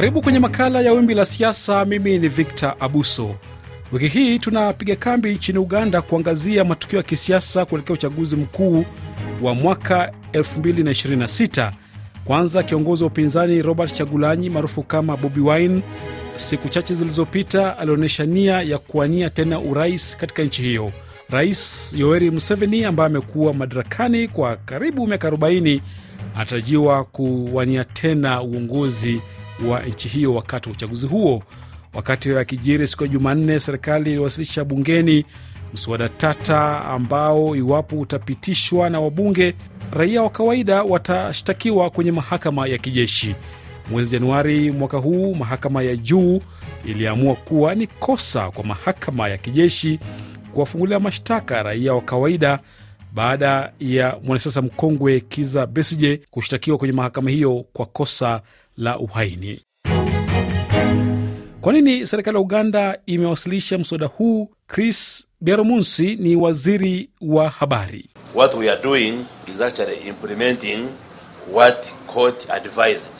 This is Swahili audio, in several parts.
Karibu kwenye makala ya Wimbi la Siasa. Mimi ni Victor Abuso. Wiki hii tunapiga kambi nchini Uganda kuangazia matukio ya kisiasa kuelekea uchaguzi mkuu wa mwaka 226 Kwanza, kiongozi wa upinzani Robert Chagulanyi maarufu kama Bobi Wine siku chache zilizopita alionyesha nia ya kuwania tena urais katika nchi hiyo. Rais yoeri Museveni ambaye amekuwa madarakani kwa karibu miaka 40 anatarajiwa kuwania tena uongozi wa nchi hiyo wakati wa uchaguzi huo. Wakati wa kijiri siku ya Jumanne, serikali iliwasilisha bungeni mswada tata ambao iwapo utapitishwa na wabunge, raia wa kawaida watashtakiwa kwenye mahakama ya kijeshi. Mwezi Januari mwaka huu, mahakama ya juu iliamua kuwa ni kosa kwa mahakama ya kijeshi kuwafungulia mashtaka raia wa kawaida baada ya mwanasiasa mkongwe Kiza Besije kushtakiwa kwenye mahakama hiyo kwa kosa la uhaini. Kwa nini serikali ya Uganda imewasilisha mswada huu? Chris Byarumunsi ni waziri wa habari. What we are doing is actually implementing what court advised.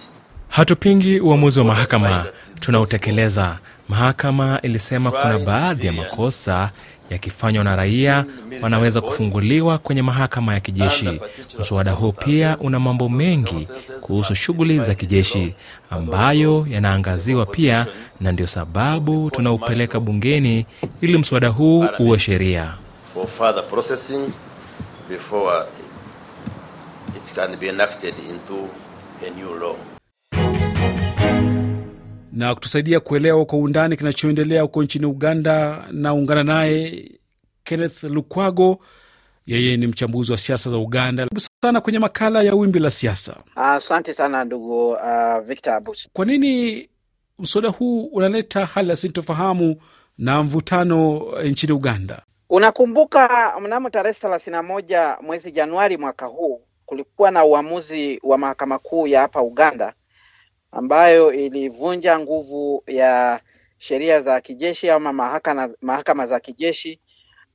Hatupingi uamuzi wa mahakama, tunautekeleza. Mahakama ilisema kuna baadhi ya makosa yakifanywa na raia wanaweza kufunguliwa kwenye mahakama ya kijeshi. Mswada huu pia una mambo mengi kuhusu shughuli za kijeshi ambayo yanaangaziwa pia, na ndio sababu tunaupeleka bungeni ili mswada huu uwe sheria. Na kutusaidia kuelewa kwa undani kinachoendelea huko nchini Uganda, naungana naye Kenneth Lukwago, yeye ni mchambuzi wa siasa za Uganda sana kwenye makala ya wimbi la siasa. Asante uh, sana ndugu uh, Victor Abus. Kwa nini mswada huu unaleta hali ya sintofahamu na mvutano eh, nchini Uganda? Unakumbuka mnamo tarehe thelathini na moja mwezi Januari mwaka huu kulikuwa na uamuzi wa mahakama kuu ya hapa Uganda ambayo ilivunja nguvu ya sheria za kijeshi ama mahakama, mahakama za kijeshi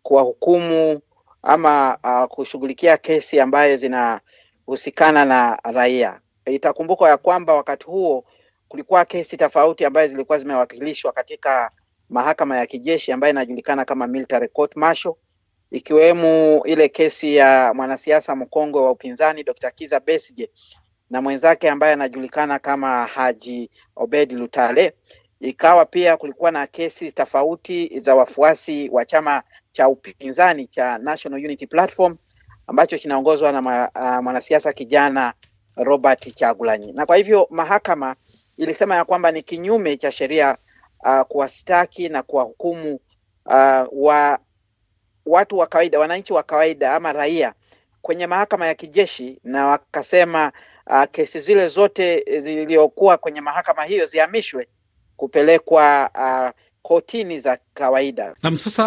kuwahukumu ama uh, kushughulikia kesi ambayo zinahusikana na raia. Itakumbukwa ya kwamba wakati huo kulikuwa kesi tofauti ambayo zilikuwa zimewakilishwa katika mahakama ya kijeshi ambayo inajulikana kama military court martial, ikiwemo ile kesi ya mwanasiasa mkongwe wa upinzani Dr. Kiza Besije na mwenzake ambaye anajulikana kama Haji Obed Lutale. Ikawa pia kulikuwa na kesi tofauti za wafuasi wa chama cha upinzani cha National Unity Platform ambacho kinaongozwa na ma, uh, mwanasiasa kijana Robert Chagulanyi, na kwa hivyo mahakama ilisema ya kwamba ni kinyume cha sheria uh, kuwastaki na kuwahukumu uh, wa watu wa kawaida, wananchi wa kawaida ama raia kwenye mahakama ya kijeshi, na wakasema uh, kesi zile zote zilizokuwa kwenye mahakama hiyo zihamishwe kupelekwa uh, kotini za kawaida. Nam, sasa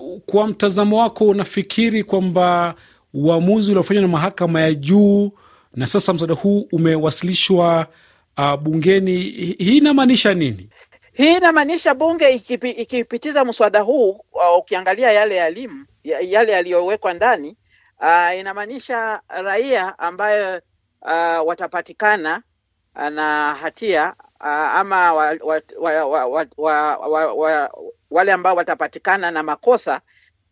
uh, kwa mtazamo wako, unafikiri kwamba uamuzi uliofanywa na mahakama ya juu na sasa mswada huu umewasilishwa uh, bungeni, hii inamaanisha nini? Hii inamaanisha bunge ikipi, ikipitiza mswada huu uh, ukiangalia yale yalimu, yale yaliyowekwa ndani uh, inamaanisha raia ambayo uh, watapatikana uh, na hatia Ah, ama wa, wa, wa, wa, wa, wa, wa, wa, wale ambao watapatikana na makosa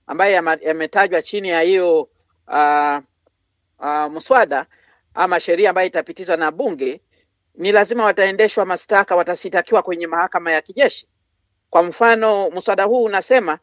ambayo yametajwa chini ya hiyo uh, uh, mswada ama sheria ambayo itapitizwa na bunge, ni lazima wataendeshwa mashtaka, watasitakiwa kwenye mahakama ya kijeshi. Kwa mfano, mswada huu unasema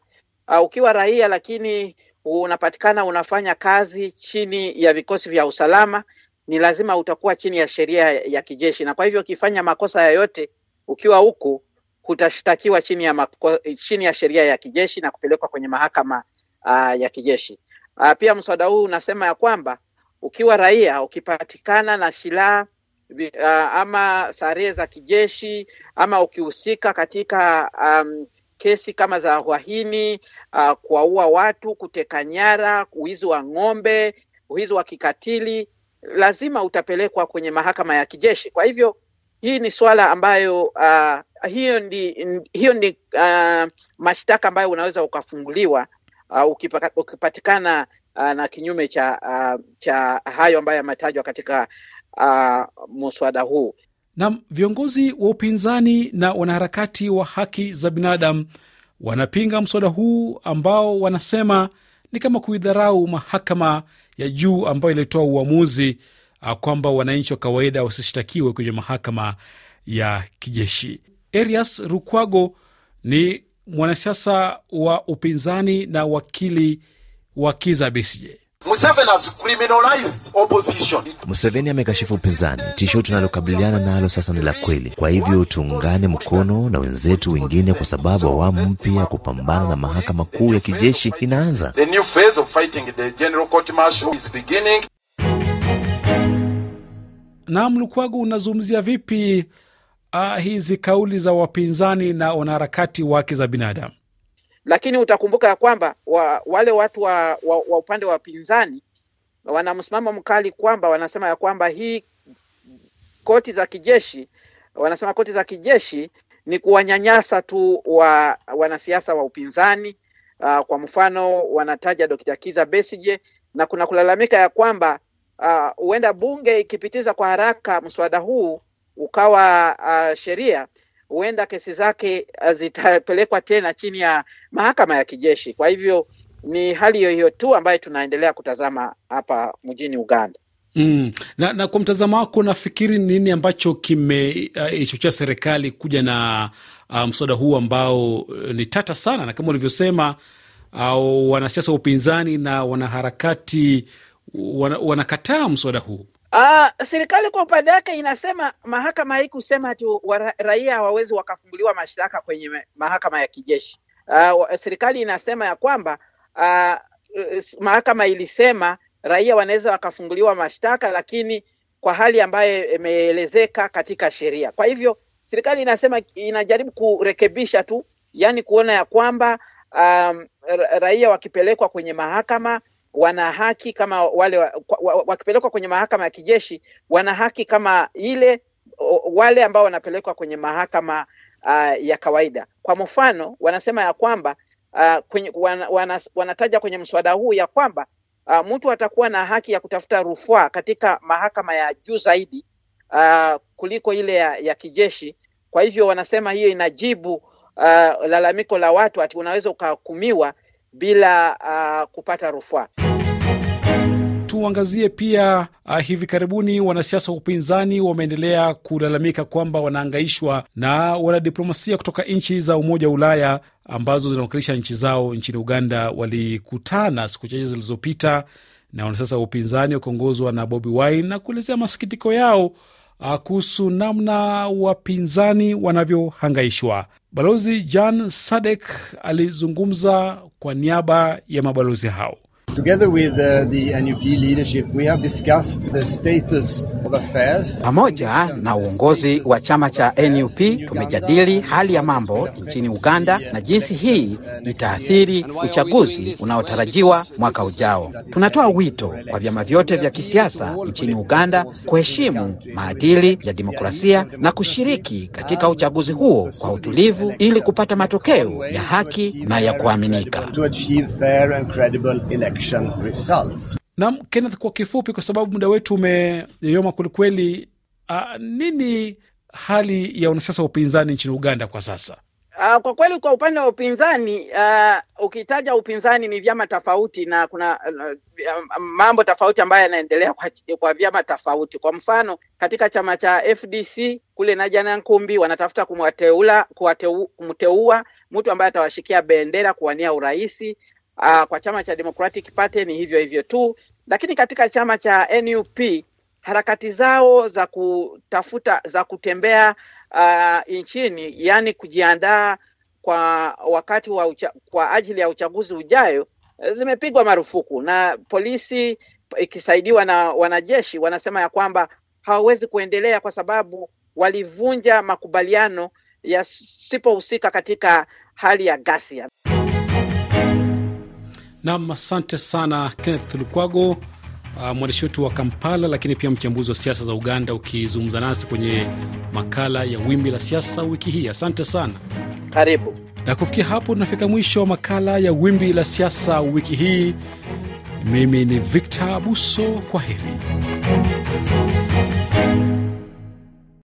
uh, ukiwa raia lakini unapatikana unafanya kazi chini ya vikosi vya usalama ni lazima utakuwa chini ya sheria ya kijeshi, na kwa hivyo ukifanya makosa yoyote ukiwa huku utashtakiwa chini ya mako, chini ya sheria ya kijeshi na kupelekwa kwenye mahakama uh, ya kijeshi. Uh, pia mswada huu unasema ya kwamba ukiwa raia ukipatikana na silaha uh, ama sare za kijeshi ama ukihusika katika um, kesi kama za wahini uh, kuwaua watu, kuteka nyara, uizi wa ng'ombe, uizi wa kikatili lazima utapelekwa kwenye mahakama ya kijeshi. Kwa hivyo hii ni swala ambayo uh, hiyo ndi, hiyo uh, mashtaka ambayo unaweza ukafunguliwa uh, ukipatikana uh, na kinyume cha uh, cha hayo ambayo yametajwa katika uh, muswada huu. nam viongozi wa upinzani na wanaharakati wa haki za binadamu wanapinga mswada huu ambao wanasema ni kama kuidharau mahakama ya juu ambayo ilitoa uamuzi uh, kwamba wananchi wa kawaida wasishtakiwe kwenye mahakama ya kijeshi. Erias rukwago ni mwanasiasa wa upinzani na wakili wa Kiza Besigye. Museveni amekashifu upinzani. Tisho tunalokabiliana nalo sasa ni la kweli, kwa hivyo tuungane mkono na wenzetu wengine, kwa sababu awamu mpya ya kupambana na mahakama kuu ya kijeshi inaanza. Naam, Lukwago, unazungumzia vipi ah, hizi kauli za wapinzani na wanaharakati wa haki za binadamu? Lakini utakumbuka ya kwamba wa, wale watu wa, wa, wa upande wa pinzani wana msimamo mkali kwamba wanasema ya kwamba hii koti za kijeshi, wanasema koti za kijeshi ni kuwanyanyasa tu wa wanasiasa wa upinzani. Uh, kwa mfano wanataja Dr. Kiza Besije na kuna kulalamika ya kwamba ah, huenda uh, bunge ikipitiza kwa haraka mswada huu ukawa uh, sheria huenda kesi zake eh, zitapelekwa tena chini ya mahakama ya kijeshi. Kwa hivyo ni hali hiyo tu ambayo tunaendelea kutazama hapa mjini Uganda. Mm. Na, na kwa mtazamo wako nafikiri nini ambacho kimeichochea eh, uh, serikali kuja na uh, mswada huu ambao uh, ni tata sana, na kama ulivyosema uh, wanasiasa wa upinzani na wanaharakati wana, wanakataa mswada huu. Uh, serikali kwa upande wake inasema mahakama haikusema ati wa, raia hawawezi wakafunguliwa mashtaka kwenye mahakama ya kijeshi. Uh, serikali inasema ya kwamba uh, mahakama ilisema raia wanaweza wakafunguliwa mashtaka lakini kwa hali ambayo imeelezeka katika sheria. Kwa hivyo serikali inasema inajaribu kurekebisha tu, yani kuona ya kwamba um, raia wakipelekwa kwenye mahakama wana haki kama wale wa, wa, wa, wakipelekwa kwenye mahakama ya kijeshi wana haki kama ile wale ambao wanapelekwa kwenye mahakama uh, ya kawaida. Kwa mfano, wanasema ya kwamba uh, kwenye, wana, wana, wanataja kwenye mswada huu ya kwamba uh, mtu atakuwa na haki ya kutafuta rufaa katika mahakama ya juu zaidi uh, kuliko ile ya, ya kijeshi. Kwa hivyo wanasema hiyo inajibu uh, lalamiko la watu ati unaweza ukahukumiwa bila uh, kupata rufaa. Tuangazie pia uh, hivi karibuni wanasiasa wa upinzani wameendelea kulalamika kwamba wanaangaishwa na wanadiplomasia kutoka nchi za Umoja wa Ulaya ambazo zinawakilisha nchi zao nchini Uganda. Walikutana siku chache zilizopita na wanasiasa wa upinzani wakiongozwa na Bobi Wine na kuelezea masikitiko yao Ah, kuhusu namna wapinzani wanavyohangaishwa. Balozi Jan Sadek alizungumza kwa niaba ya mabalozi hao. Uh, Pamoja na uh, uongozi wa chama cha NUP tumejadili uh, hali ya mambo nchini Uganda na jinsi hii itaathiri uchaguzi unaotarajiwa mwaka ujao. Tunatoa wito kwa vyama vyote vya kisiasa nchini Uganda kuheshimu maadili ya demokrasia na kushiriki katika uchaguzi huo kwa utulivu ili kupata matokeo ya haki na ya kuaminika election results. Naam, Kenneth, kwa kifupi, kwa sababu muda wetu umeyoyoma kwelikweli, uh, nini hali ya wanasiasa wa upinzani nchini Uganda kwa sasa? Uh, kwa kweli kwa upande wa upinzani uh, ukitaja upinzani ni vyama tofauti na kuna uh, mambo tofauti ambayo yanaendelea kwa, kwa vyama tofauti. Kwa mfano katika chama cha FDC kule Najana Nkumbi wanatafuta kumwateula kumteua mtu ambaye atawashikia bendera kuwania uraisi, Uh, kwa chama cha Democratic Party ni hivyo hivyo tu, lakini katika chama cha NUP harakati zao za kutafuta za kutembea uh, nchini, yaani kujiandaa kwa wakati wa ucha, kwa ajili ya uchaguzi ujayo eh, zimepigwa marufuku na polisi ikisaidiwa na wanajeshi, wanasema ya kwamba hawawezi kuendelea kwa sababu walivunja makubaliano yasipohusika katika hali ya ghasia. Nam, asante sana Kenneth Lukwago, uh, mwandishi wetu wa Kampala, lakini pia mchambuzi wa siasa za Uganda, ukizungumza nasi kwenye makala ya Wimbi la Siasa wiki hii. Asante sana, karibu. Na kufikia hapo, tunafika mwisho wa makala ya Wimbi la Siasa wiki hii. Mimi ni Victor Abuso, kwa heri.